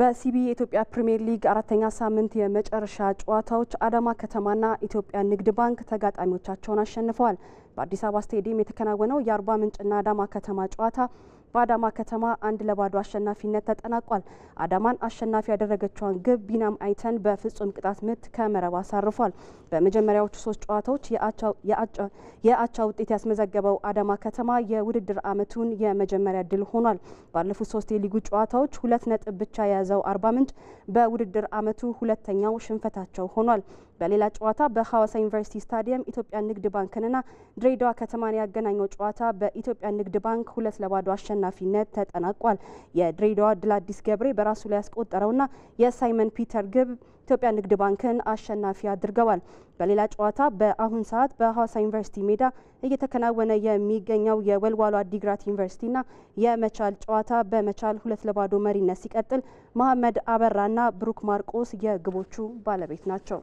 በሲቢ የኢትዮጵያ ፕሪምየር ሊግ አራተኛ ሳምንት የመጨረሻ ጨዋታዎች አዳማ ከተማና ኢትዮጵያ ንግድ ባንክ ተጋጣሚዎቻቸውን አሸንፈዋል። በአዲስ አበባ ስቴዲየም የተከናወነው የአርባ ምንጭና አዳማ ከተማ ጨዋታ በአዳማ ከተማ አንድ ለባዶ አሸናፊነት ተጠናቋል። አዳማን አሸናፊ ያደረገችውን ግብ ቢናም አይተን በፍጹም ቅጣት ምት ከመረብ አሳርፏል። በመጀመሪያዎቹ ሶስት ጨዋታዎች የአቻ ውጤት ያስመዘገበው አዳማ ከተማ የውድድር ዓመቱን የመጀመሪያ ድል ሆኗል። ባለፉት ሶስት የሊጉ ጨዋታዎች ሁለት ነጥብ ብቻ የያዘው አርባ ምንጭ በውድድር ዓመቱ ሁለተኛው ሽንፈታቸው ሆኗል። በሌላ ጨዋታ በሐዋሳ ዩኒቨርሲቲ ስታዲየም ኢትዮጵያ ንግድ ባንክንና ድሬዳዋ ከተማን ያገናኘው ጨዋታ በኢትዮጵያ ንግድ ባንክ ሁለት ለባዶ አሸናፊነት ተጠናቋል። የድሬዳዋ ድል አዲስ ገብሬ በራሱ ላይ ያስቆጠረውና የሳይመን ፒተር ግብ ኢትዮጵያ ንግድ ባንክን አሸናፊ አድርገዋል። በሌላ ጨዋታ በአሁን ሰዓት በሐዋሳ ዩኒቨርሲቲ ሜዳ እየተከናወነ የሚገኘው የወልዋሎ አዲግራት ዩኒቨርሲቲና የመቻል ጨዋታ በመቻል ሁለት ለባዶ መሪነት ሲቀጥል መሐመድ አበራና ብሩክ ማርቆስ የግቦቹ ባለቤት ናቸው።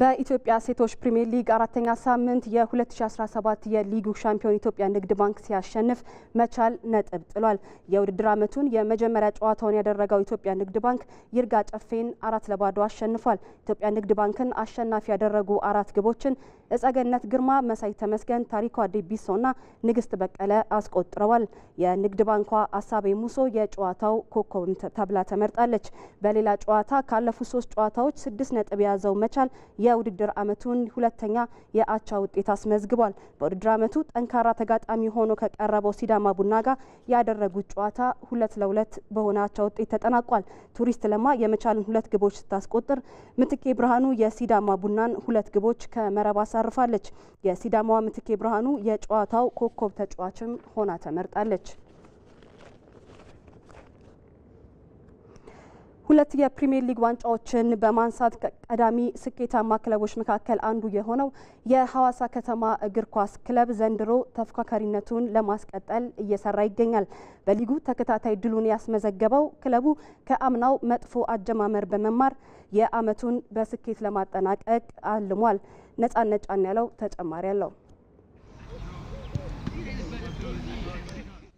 በኢትዮጵያ ሴቶች ፕሪሚየር ሊግ አራተኛ ሳምንት የ2017 የሊጉ ሻምፒዮን ኢትዮጵያ ንግድ ባንክ ሲያሸንፍ መቻል ነጥብ ጥሏል። የውድድር ዓመቱን የመጀመሪያ ጨዋታውን ያደረገው ኢትዮጵያ ንግድ ባንክ ይርጋ ጨፌን አራት ለባዶ አሸንፏል። ኢትዮጵያ ንግድ ባንክን አሸናፊ ያደረጉ አራት ግቦችን እጸገነት ግርማ፣ መሳይ ተመስገን፣ ታሪኳ ዴቢሶና ንግስት በቀለ አስቆጥረዋል። የንግድ ባንኳ አሳቤ ሙሶ የጨዋታው ኮከብም ተብላ ተመርጣለች። በሌላ ጨዋታ ካለፉት ሶስት ጨዋታዎች ስድስት ነጥብ የያዘው መቻል የውድድር ዓመቱን ሁለተኛ የአቻ ውጤት አስመዝግቧል። በውድድር ዓመቱ ጠንካራ ተጋጣሚ ሆኖ ከቀረበው ሲዳማ ቡና ጋር ያደረጉት ጨዋታ ሁለት ለሁለት በሆነ አቻ ውጤት ተጠናቋል። ቱሪስት ለማ የመቻልን ሁለት ግቦች ስታስቆጥር፣ ምትኬ ብርሃኑ የሲዳማ ቡናን ሁለት ግቦች ከመረባሳ አሳርፋለች። የሲዳማዋ ምትኬ ብርሃኑ የጨዋታው ኮከብ ተጫዋችም ሆና ተመርጣለች። ሁለት የፕሪሚየር ሊግ ዋንጫዎችን በማንሳት ቀዳሚ ስኬታማ ክለቦች መካከል አንዱ የሆነው የሐዋሳ ከተማ እግር ኳስ ክለብ ዘንድሮ ተፎካካሪነቱን ለማስቀጠል እየሰራ ይገኛል። በሊጉ ተከታታይ ድሉን ያስመዘገበው ክለቡ ከአምናው መጥፎ አጀማመር በመማር የዓመቱን በስኬት ለማጠናቀቅ አልሟል። ነጻነት ጫን ያለው ተጨማሪ አለው።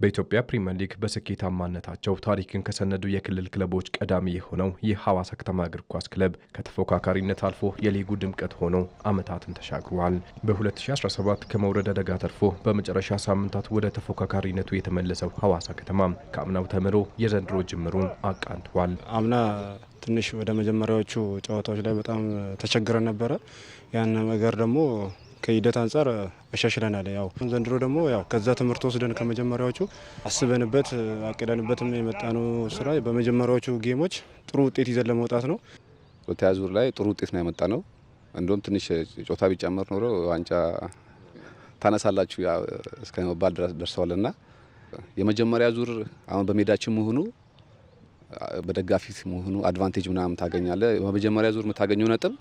በኢትዮጵያ ፕሪምየር ሊግ በስኬታማነታቸው ታሪክን ከሰነዱ የክልል ክለቦች ቀዳሚ የሆነው የሐዋሳ ከተማ እግር ኳስ ክለብ ከተፎካካሪነት አልፎ የሊጉ ድምቀት ሆኖ ዓመታትን ተሻግሯል። በ2017 ከመውረድ አደጋ ተርፎ በመጨረሻ ሳምንታት ወደ ተፎካካሪነቱ የተመለሰው ሐዋሳ ከተማ ከአምናው ተምሮ የዘንድሮ ጅምሩን አቃንቷል። አምና ትንሽ ወደ መጀመሪያዎቹ ጨዋታዎች ላይ በጣም ተቸግረን ነበረ። ያን ነገር ደግሞ ከሂደት አንጻር አሻሽለናል። ያው ዘንድሮ ደግሞ ያው ከዛ ትምህርት ወስደን ከመጀመሪያዎቹ አስበንበት አቅደንበትም የመጣነው ስራ በመጀመሪያዎቹ ጌሞች ጥሩ ውጤት ይዘን ለመውጣት ነው። ሁለተኛ ዙር ላይ ጥሩ ውጤት ነው የመጣ ነው። እንዲሁም ትንሽ ጮታ ቢጨመር ኖሮ ዋንጫ ታነሳላችሁ እስከ መባል ደርሰዋልና የመጀመሪያ ዙር አሁን በሜዳችን መሆኑ በደጋፊት መሆኑ አድቫንቴጅ ምናምን ታገኛለ። በመጀመሪያ ዙር የምታገኘው ነጥብ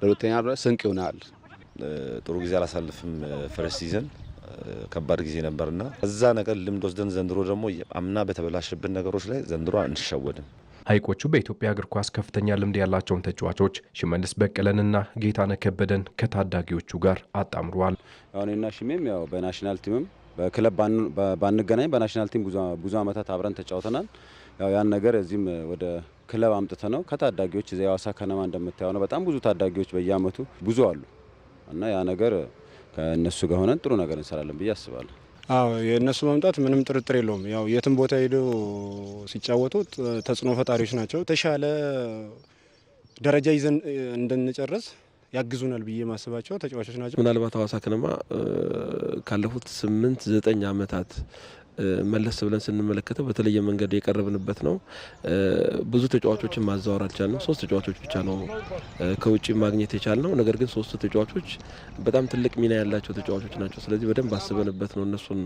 ለሁለተኛ ስንቅ ይሆናል። ጥሩ ጊዜ አላሳልፍም። ፈረስ ሲዘን ከባድ ጊዜ ነበርና እዛ ነገር ልምድ ወስደን ዘንድሮ ደግሞ አምና በተበላሽብን ነገሮች ላይ ዘንድሮ አንሸወድም። ሀይቆቹ በኢትዮጵያ እግር ኳስ ከፍተኛ ልምድ ያላቸውን ተጫዋቾች ሽመልስ በቀለንና ጌታነህ ከበደን ከታዳጊዎቹ ጋር አጣምረዋል። አሁንና ሽሜም ያው በናሽናል ቲምም በክለብ ባንገናኝ በናሽናል ቲም ብዙ ዓመታት አብረን ተጫውተናል። ያው ያን ነገር እዚህም ወደ ክለብ አምጥተ ነው ከታዳጊዎች እዚ ሀዋሳ ከነማ እንደምታየው ነው። በጣም ብዙ ታዳጊዎች በየአመቱ ብዙ አሉ። እና ያ ነገር ከእነሱ ጋር ሆነን ጥሩ ነገር እንሰራለን ብዬ አስባለሁ። አዎ የእነሱ መምጣት ምንም ጥርጥር የለውም። ያው የትም ቦታ ሄዶ ሲጫወቱ ተጽዕኖ ፈጣሪዎች ናቸው። ተሻለ ደረጃ ይዘን እንድንጨርስ ያግዙናል ብዬ ማስባቸው ተጫዋቾች ናቸው። ምናልባት ሀዋሳ ከነማ ካለፉት ስምንት ዘጠኝ ዓመታት መለስ ብለን ስንመለከተው በተለየ መንገድ የቀረብንበት ነው። ብዙ ተጫዋቾችን ማዛወር አልቻልንም። ሶስት ተጫዋቾች ብቻ ነው ከውጭ ማግኘት የቻልነው። ነገር ግን ሶስቱ ተጫዋቾች በጣም ትልቅ ሚና ያላቸው ተጫዋቾች ናቸው። ስለዚህ በደንብ አስበንበት ነው እነሱን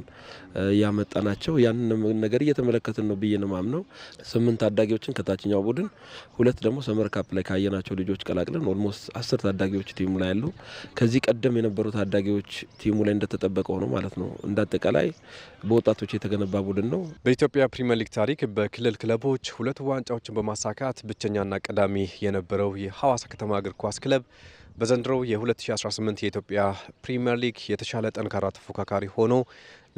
ያመጣ ናቸው። ያንን ነገር እየተመለከትን ነው ብዬ ነው ስምንት ታዳጊዎችን ከታችኛው ቡድን ሁለት ደግሞ ሰመር ካፕ ላይ ካየናቸው ልጆች ቀላቅለን ኦልሞስት አስር ታዳጊዎች ቲሙ ላይ ያሉ ከዚህ ቀደም የነበሩ ታዳጊዎች ቲሙ ላይ እንደተጠበቀው ነው ማለት ነው። እንዳጠቃላይ በወጣቶች የተገነባ ቡድን ነው። በኢትዮጵያ ፕሪምየር ሊግ ታሪክ በክልል ክለቦች ሁለት ዋንጫዎችን በማሳካት ብቸኛና ቀዳሚ የነበረው የሐዋሳ ከተማ እግር ኳስ ክለብ በዘንድሮው የ2018 የኢትዮጵያ ፕሪምየር ሊግ የተሻለ ጠንካራ ተፎካካሪ ሆኖ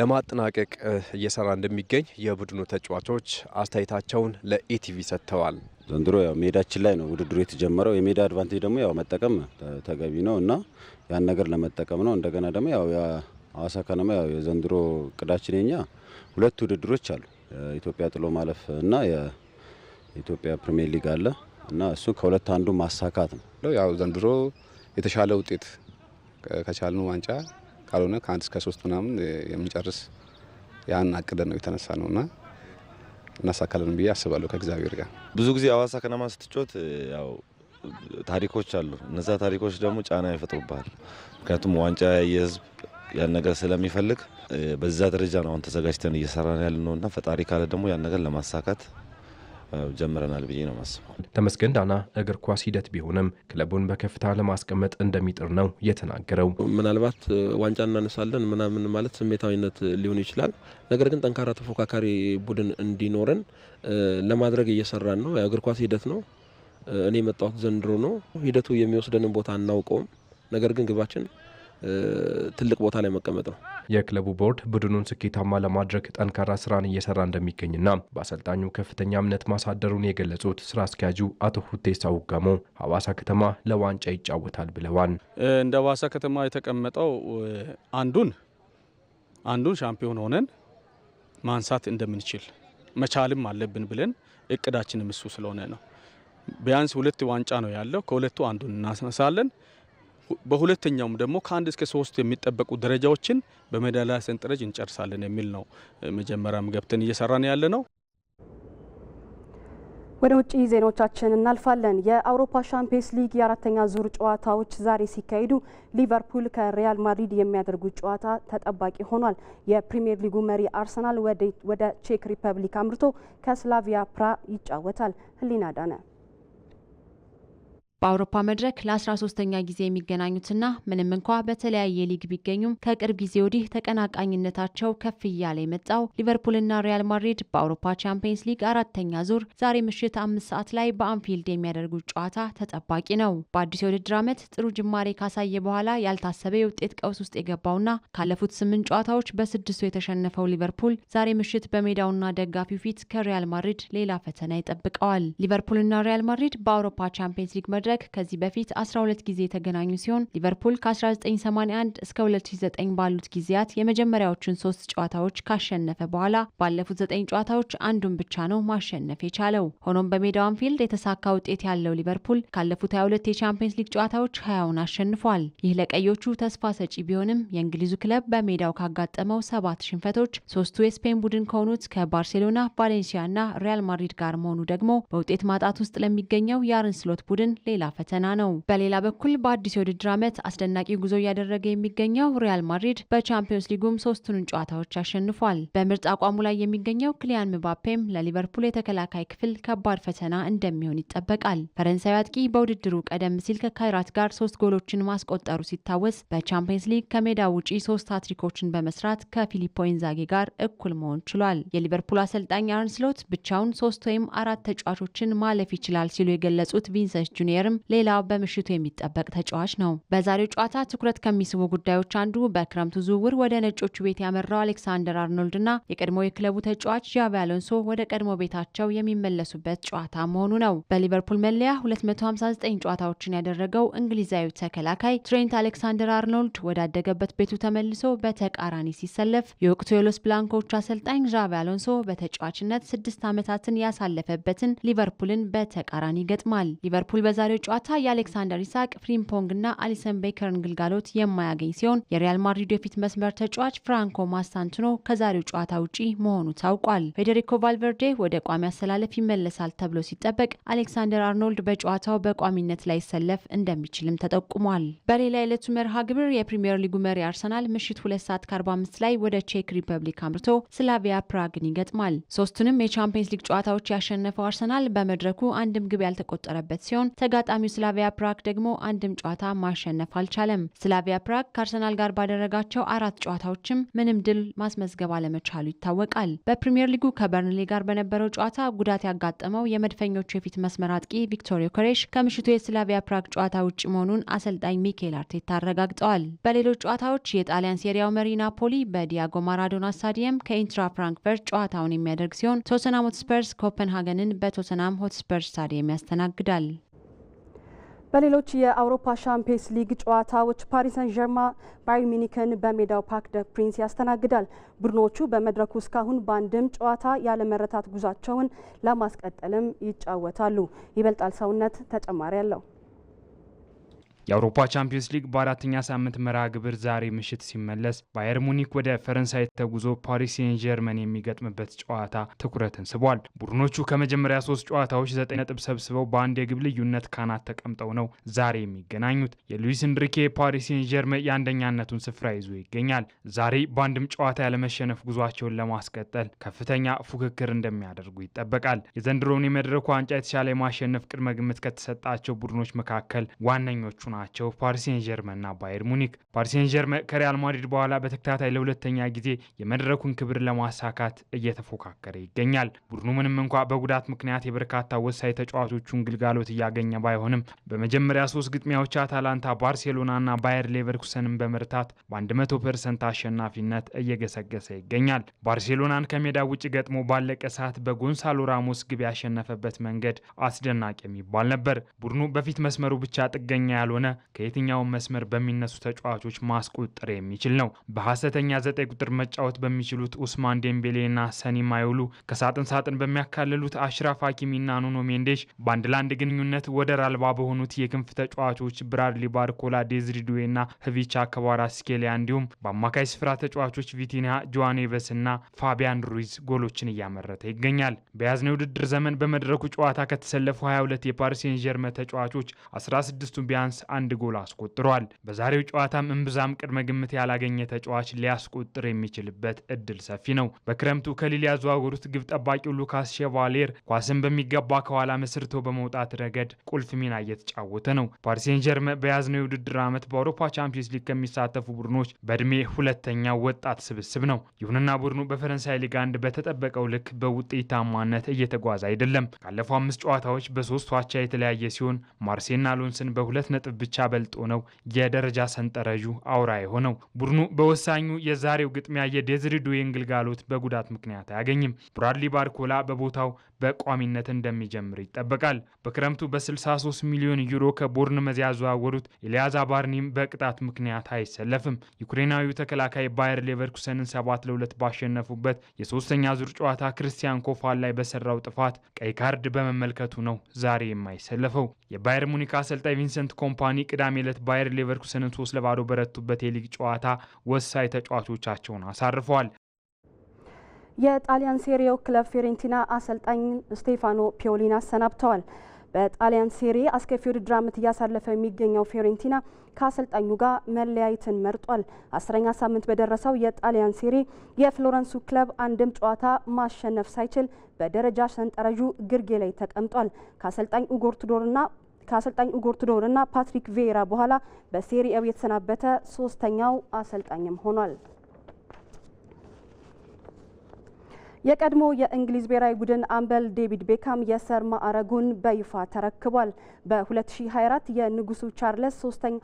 ለማጠናቀቅ እየሰራ እንደሚገኝ የቡድኑ ተጫዋቾች አስተያየታቸውን ለኢቲቪ ሰጥተዋል። ዘንድሮ ያው ሜዳችን ላይ ነው ውድድሩ የተጀመረው። የሜዳ አድቫንቴጅ ደግሞ ያው መጠቀም ተገቢ ነው እና ያን ነገር ለመጠቀም ነው። እንደገና ደግሞ ያው ሀዋሳ ከነማ ያው የዘንድሮ እቅዳችን የኛ ሁለት ውድድሮች አሉ። ኢትዮጵያ ጥሎ ማለፍ እና የኢትዮጵያ ፕሪሚየር ሊግ አለ እና እሱ ከሁለት አንዱ ማሳካት ነው። ያው ዘንድሮ የተሻለ ውጤት ከቻልነው ዋንጫ ካልሆነ ከአንድ እስከ ሶስት ምናምን የምንጨርስ ያን አቅደን ነው የተነሳ ነው እና እናሳካለን ብዬ አስባለሁ ከእግዚአብሔር ጋር። ብዙ ጊዜ ሀዋሳ ከነማ ስትጮት ያው ታሪኮች አሉ። እነዛ ታሪኮች ደግሞ ጫና ይፈጥሩብሃል። ምክንያቱም ዋንጫ የህዝብ ያን ነገር ስለሚፈልግ በዛ ደረጃ ነው አሁን ተዘጋጅተን እየሰራን ያለ ነው እና ፈጣሪ ካለ ደግሞ ያን ነገር ለማሳካት ጀምረናል ብዬ ነው ማስበው። ተመስገን ዳና እግር ኳስ ሂደት ቢሆንም ክለቡን በከፍታ ለማስቀመጥ እንደሚጥር ነው የተናገረው። ምናልባት ዋንጫ እናነሳለን ምናምን ማለት ስሜታዊነት ሊሆን ይችላል። ነገር ግን ጠንካራ ተፎካካሪ ቡድን እንዲኖረን ለማድረግ እየሰራን ነው። እግር ኳስ ሂደት ነው። እኔ የመጣሁት ዘንድሮ ነው። ሂደቱ የሚወስደንን ቦታ አናውቀውም። ነገር ግን ግባችን ትልቅ ቦታ ላይ መቀመጥ ነው። የክለቡ ቦርድ ቡድኑን ስኬታማ ለማድረግ ጠንካራ ስራን እየሰራ እንደሚገኝና በአሰልጣኙ ከፍተኛ እምነት ማሳደሩን የገለጹት ስራ አስኪያጁ አቶ ሁቴሳ ውጋሞ ሀዋሳ ከተማ ለዋንጫ ይጫወታል ብለዋል። እንደ ሀዋሳ ከተማ የተቀመጠው አንዱን አንዱን ሻምፒዮን ሆነን ማንሳት እንደምንችል መቻልም አለብን ብለን እቅዳችንም እሱ ስለሆነ ነው። ቢያንስ ሁለት ዋንጫ ነው ያለው። ከሁለቱ አንዱን እናስነሳለን። በሁለተኛውም ደግሞ ከአንድ እስከ ሶስት የሚጠበቁ ደረጃዎችን በሜዳሊያ ሰንጠረዥ እንጨርሳለን የሚል ነው። መጀመሪያም ገብተን እየሰራን ያለ ነው። ወደ ውጭ ዜናዎቻችን እናልፋለን። የአውሮፓ ሻምፒየንስ ሊግ የአራተኛ ዙር ጨዋታዎች ዛሬ ሲካሄዱ ሊቨርፑል ከሪያል ማድሪድ የሚያደርጉት ጨዋታ ተጠባቂ ሆኗል። የፕሪምየር ሊጉ መሪ አርሰናል ወደ ቼክ ሪፐብሊክ አምርቶ ከስላቪያ ፕራ ይጫወታል። ህሊና ዳነ በአውሮፓ መድረክ ለ13ኛ ጊዜ የሚገናኙትና ምንም እንኳ በተለያየ ሊግ ቢገኙም ከቅርብ ጊዜ ወዲህ ተቀናቃኝነታቸው ከፍ እያለ የመጣው ሊቨርፑልና ሪያል ማድሪድ በአውሮፓ ቻምፒየንስ ሊግ አራተኛ ዙር ዛሬ ምሽት አምስት ሰዓት ላይ በአንፊልድ የሚያደርጉት ጨዋታ ተጠባቂ ነው። በአዲስ የውድድር ዓመት ጥሩ ጅማሬ ካሳየ በኋላ ያልታሰበ የውጤት ቀውስ ውስጥ የገባውና ካለፉት ስምንት ጨዋታዎች በስድስቱ የተሸነፈው ሊቨርፑል ዛሬ ምሽት በሜዳውና ደጋፊው ፊት ከሪያል ማድሪድ ሌላ ፈተና ይጠብቀዋል። ሊቨርፑልና ሪያል ማድሪድ በአውሮፓ ቻምፒየንስ ሊግ መድረክ መድረክ ከዚህ በፊት 12 ጊዜ የተገናኙ ሲሆን ሊቨርፑል ከ1981 እስከ 2009 ባሉት ጊዜያት የመጀመሪያዎቹን ሶስት ጨዋታዎች ካሸነፈ በኋላ ባለፉት ዘጠኝ ጨዋታዎች አንዱን ብቻ ነው ማሸነፍ የቻለው። ሆኖም በሜዳው አንፊልድ የተሳካ ውጤት ያለው ሊቨርፑል ካለፉት 22 የቻምፒየንስ ሊግ ጨዋታዎች 20ውን አሸንፏል። ይህ ለቀዮቹ ተስፋ ሰጪ ቢሆንም የእንግሊዙ ክለብ በሜዳው ካጋጠመው ሰባት ሽንፈቶች ሶስቱ የስፔን ቡድን ከሆኑት ከባርሴሎና፣ ቫሌንሲያ እና ሪያል ማድሪድ ጋር መሆኑ ደግሞ በውጤት ማጣት ውስጥ ለሚገኘው የአርንስሎት ቡድን ሌላ ፈተና ነው። በሌላ በኩል በአዲስ የውድድር ዓመት አስደናቂ ጉዞ እያደረገ የሚገኘው ሪያል ማድሪድ በቻምፒዮንስ ሊጉም ሶስቱንም ጨዋታዎች አሸንፏል። በምርጥ አቋሙ ላይ የሚገኘው ክሊያን ምባፔም ለሊቨርፑል የተከላካይ ክፍል ከባድ ፈተና እንደሚሆን ይጠበቃል። ፈረንሳዊ አጥቂ በውድድሩ ቀደም ሲል ከካይራት ጋር ሶስት ጎሎችን ማስቆጠሩ ሲታወስ በቻምፒየንስ ሊግ ከሜዳ ውጪ ሶስት አትሪኮችን በመስራት ከፊሊፖ ኢንዛጌ ጋር እኩል መሆን ችሏል። የሊቨርፑል አሰልጣኝ አርንስሎት ብቻውን ሶስት ወይም አራት ተጫዋቾችን ማለፍ ይችላል ሲሉ የገለጹት ቪንሰንስ ጁኒየር ሜጀርም ሌላው በምሽቱ የሚጠበቅ ተጫዋች ነው። በዛሬው ጨዋታ ትኩረት ከሚስቡ ጉዳዮች አንዱ በክረምቱ ዝውውር ወደ ነጮቹ ቤት ያመራው አሌክሳንደር አርኖልድ እና የቀድሞ የክለቡ ተጫዋች ዣቢ አሎንሶ ወደ ቀድሞ ቤታቸው የሚመለሱበት ጨዋታ መሆኑ ነው። በሊቨርፑል መለያ 259 ጨዋታዎችን ያደረገው እንግሊዛዊ ተከላካይ ትሬንት አሌክሳንደር አርኖልድ ወዳደገበት ቤቱ ተመልሶ በተቃራኒ ሲሰለፍ የወቅቱ የሎስ ብላንኮቹ አሰልጣኝ ዣቢ አሎንሶ በተጫዋችነት ስድስት ዓመታትን ያሳለፈበትን ሊቨርፑልን በተቃራኒ ይገጥማል። ሊቨርፑል በዛሬ ጨዋታ የአሌክሳንደር ኢሳቅ ና አሊሰን ቤከርን ግልጋሎት የማያገኝ ሲሆን የሪያል ማድሪድ የፊት መስመር ተጫዋች ፍራንኮ ማስታንትኖ ከዛሬው ጨዋታ ውጪ መሆኑ ታውቋል። ፌዴሪኮ ቫልቨርዴ ወደ ቋሚ አሰላለፍ ይመለሳል ተብሎ ሲጠበቅ አሌክሳንደር አርኖልድ በጨዋታው በቋሚነት ላይ ሰለፍ እንደሚችልም ተጠቁሟል። በሌላ የዕለቱ መርሃ ግብር የፕሪምየር ሊጉ መሪ አርሰናል ምሽት ሁለት ሰዓት ከ45 ላይ ወደ ቼክ ሪፐብሊክ አምርቶ ስላቪያ ፕራግን ይገጥማል። ሶስቱንም የቻምፒየንስ ሊግ ጨዋታዎች ያሸነፈው አርሰናል በመድረኩ አንድም ግብ ያልተቆጠረበት ሲሆን ተጋ ተጋጣሚው ስላቪያ ፕራክ ደግሞ አንድም ጨዋታ ማሸነፍ አልቻለም። ስላቪያ ፕራክ ከአርሰናል ጋር ባደረጋቸው አራት ጨዋታዎችም ምንም ድል ማስመዝገብ አለመቻሉ ይታወቃል። በፕሪምየር ሊጉ ከበርንሌ ጋር በነበረው ጨዋታ ጉዳት ያጋጠመው የመድፈኞቹ የፊት መስመር አጥቂ ቪክቶሪዮ ኮሬሽ ከምሽቱ የስላቪያ ፕራክ ጨዋታ ውጭ መሆኑን አሰልጣኝ ሚኬል አርቴታ አረጋግጠዋል። በሌሎች ጨዋታዎች የጣሊያን ሴሪያው መሪ ናፖሊ በዲያጎ ማራዶና ስታዲየም ከኢንትራ ፍራንክፈርት ጨዋታውን የሚያደርግ ሲሆን ቶተንሃም ሆትስፐርስ ኮፐንሃገንን በቶተንሃም ሆትስፐርስ ስታዲየም ያስተናግዳል። በሌሎች የአውሮፓ ሻምፒየንስ ሊግ ጨዋታዎች ፓሪስ ሰን ዠርማ ባየር ሚኒክን በሜዳው ፓርክ ደ ፕሪንስ ያስተናግዳል። ቡድኖቹ በመድረኩ እስካሁን በአንድም ጨዋታ ያለመረታት ጉዟቸውን ለማስቀጠልም ይጫወታሉ። ይበልጣል ሰውነት ተጨማሪ አለው። የአውሮፓ ቻምፒዮንስ ሊግ በአራተኛ ሳምንት መርሃ ግብር ዛሬ ምሽት ሲመለስ ባየር ሙኒክ ወደ ፈረንሳይ ተጉዞ ፓሪስ ሴን ጀርመን የሚገጥምበት ጨዋታ ትኩረትን ስቧል። ቡድኖቹ ከመጀመሪያ ሶስት ጨዋታዎች ዘጠኝ ነጥብ ሰብስበው በአንድ የግብ ልዩነት ካናት ተቀምጠው ነው ዛሬ የሚገናኙት። የሉዊስ እንድሪኬ ፓሪስ ሴን ጀርመን የአንደኛነቱን ስፍራ ይዞ ይገኛል። ዛሬ በአንድም ጨዋታ ያለመሸነፍ ጉዟቸውን ለማስቀጠል ከፍተኛ ፉክክር እንደሚያደርጉ ይጠበቃል። የዘንድሮውን የመድረኩ ዋንጫ የተሻለ የማሸነፍ ቅድመ ግምት ከተሰጣቸው ቡድኖች መካከል ዋነኞቹ ናቸው ፓሪሴን ና ባየር ሙኒክ። ፓሪሴን ጀርመን ከሪያል ማድሪድ በኋላ በተከታታይ ለሁለተኛ ጊዜ የመድረኩን ክብር ለማሳካት እየተፎካከረ ይገኛል። ቡድኑ ምንም እንኳ በጉዳት ምክንያት የበርካታ ወሳኝ ተጫዋቾቹን ግልጋሎት እያገኘ ባይሆንም በመጀመሪያ ሶስት ግጥሚያዎች አታላንታ፣ ባርሴሎናና ባየር ሌቨርኩሰንን በመርታት በ100 ፐርሰንት አሸናፊነት እየገሰገሰ ይገኛል። ባርሴሎናን ከሜዳ ውጭ ገጥሞ ባለቀ ሰዓት በጎንሳሎ ራሞስ ግብ ያሸነፈበት መንገድ አስደናቂ የሚባል ነበር። ቡድኑ በፊት መስመሩ ብቻ ጥገኛ ያልሆነ ከሆነ ከየትኛውም መስመር በሚነሱ ተጫዋቾች ማስቆጠር የሚችል ነው። በሐሰተኛ ዘጠኝ ቁጥር መጫወት በሚችሉት ኡስማን ዴምቤሌና ሰኒ ማዮሉ፣ ከሳጥን ሳጥን በሚያካልሉት አሽራፍ ሐኪሚና ኑኖ ሜንዴሽ፣ በአንድ ለአንድ ግንኙነት ወደር አልባ በሆኑት የክንፍ ተጫዋቾች ብራድሊ ባርኮላ፣ ዴዝሪዱዌና ህቪቻ ከባራ ስኬሊያ እንዲሁም በአማካይ ስፍራ ተጫዋቾች ቪቲና ጆዋኔቨስና ፋቢያን ሩይዝ ጎሎችን እያመረተ ይገኛል። በያዝነው የውድድር ዘመን በመድረኩ ጨዋታ ከተሰለፉ 22 የፓሪስ ሴን ዠርመን ተጫዋቾች 16ቱ ቢያንስ አንድ ጎል አስቆጥሯል። በዛሬው ጨዋታም እምብዛም ቅድመ ግምት ያላገኘ ተጫዋች ሊያስቆጥር የሚችልበት እድል ሰፊ ነው። በክረምቱ ከሊል ያዘዋወሩት ግብ ጠባቂው ሉካስ ሼቫሌር ኳስን በሚገባ ከኋላ መስርቶ በመውጣት ረገድ ቁልፍ ሚና እየተጫወተ ነው። ፓሪሴን ጀርመ በያዝነው የውድድር ዓመት በአውሮፓ ቻምፒዮንስ ሊግ ከሚሳተፉ ቡድኖች በእድሜ ሁለተኛው ወጣት ስብስብ ነው። ይሁንና ቡድኑ በፈረንሳይ ሊግ አንድ በተጠበቀው ልክ በውጤታማነት እየተጓዘ አይደለም። ካለፈው አምስት ጨዋታዎች በሶስቱ አቻ የተለያየ ሲሆን ማርሴና ሎንስን በሁለት ነጥብ ብቻ በልጦ ነው የደረጃ ሰንጠረዡ አውራ የሆነው። ቡድኑ በወሳኙ የዛሬው ግጥሚያ የዴዝሪ ዱዌን ግልጋሎት በጉዳት ምክንያት አያገኝም። ብራድሊ ባርኮላ በቦታው በቋሚነት እንደሚጀምር ይጠበቃል። በክረምቱ በ63 ሚሊዮን ዩሮ ከቦርንመዝ ያዘዋወሩት ኤልያዝ አባርኒም በቅጣት ምክንያት አይሰለፍም። ዩክሬናዊው ተከላካይ ባየር ሌቨርኩሰንን 7 ለ2 ባሸነፉበት የሶስተኛ ዙር ጨዋታ ክርስቲያን ኮፋል ላይ በሰራው ጥፋት ቀይ ካርድ በመመልከቱ ነው ዛሬ የማይሰለፈው። የባየር ሙኒክ አሰልጣኝ ቪንሰንት ኮምፓኒ ቅዳሜ ዕለት ባየር ሌቨርኩሰንን 3 ለባዶ በረቱበት የሊግ ጨዋታ ወሳኝ ተጫዋቾቻቸውን አሳርፈዋል። የጣሊያን ሴሪዮ ክለብ ፊዮሬንቲና አሰልጣኝ ስቴፋኖ ፒዮሊን አሰናብተዋል። በጣሊያን ሴሪ አስከፊ ውድድር እያሳለፈ የሚገኘው ፊዮሬንቲና ከአሰልጣኙ ጋር መለያየትን መርጧል። አስረኛ ሳምንት በደረሰው የጣሊያን ሴሪ የፍሎረንሱ ክለብ አንድም ጨዋታ ማሸነፍ ሳይችል በደረጃ ሰንጠረዡ ግርጌ ላይ ተቀምጧል። ከአሰልጣኝ ኡጎር ቱዶርና ከአሰልጣኝ ኡጎር ቱዶርና ፓትሪክ ቬራ በኋላ ኤው የተሰናበተ ሶስተኛው አሰልጣኝም ሆኗል። የቀድሞ የእንግሊዝ ብሔራዊ ቡድን አምበል ዴቪድ ቤካም የሰር ማዕረጉን በይፋ ተረክቧል። በ2024 የንጉሱ ቻርለስ ሶስተኛ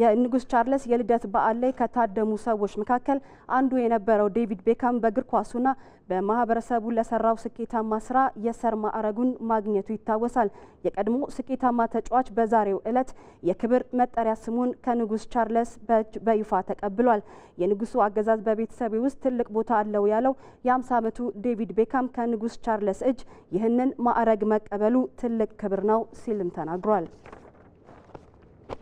የንጉስ ቻርለስ የልደት በዓል ላይ ከታደሙ ሰዎች መካከል አንዱ የነበረው ዴቪድ ቤካም በእግር ኳሱና በማህበረሰቡ ለሰራው ስኬታማ ስራ የሰር ማዕረጉን ማግኘቱ ይታወሳል። የቀድሞ ስኬታማ ተጫዋች በዛሬው ዕለት የክብር መጠሪያ ስሙን ከንጉስ ቻርለስ በእጅ በይፋ ተቀብሏል። የንጉሱ አገዛዝ በቤተሰብ ውስጥ ትልቅ ቦታ አለው ያለው የ50 ዓመቱ ዴቪድ ቤካም ከንጉስ ቻርለስ እጅ ይህንን ማዕረግ መቀበሉ ትልቅ ክብር ነው ሲልም ተናግሯል።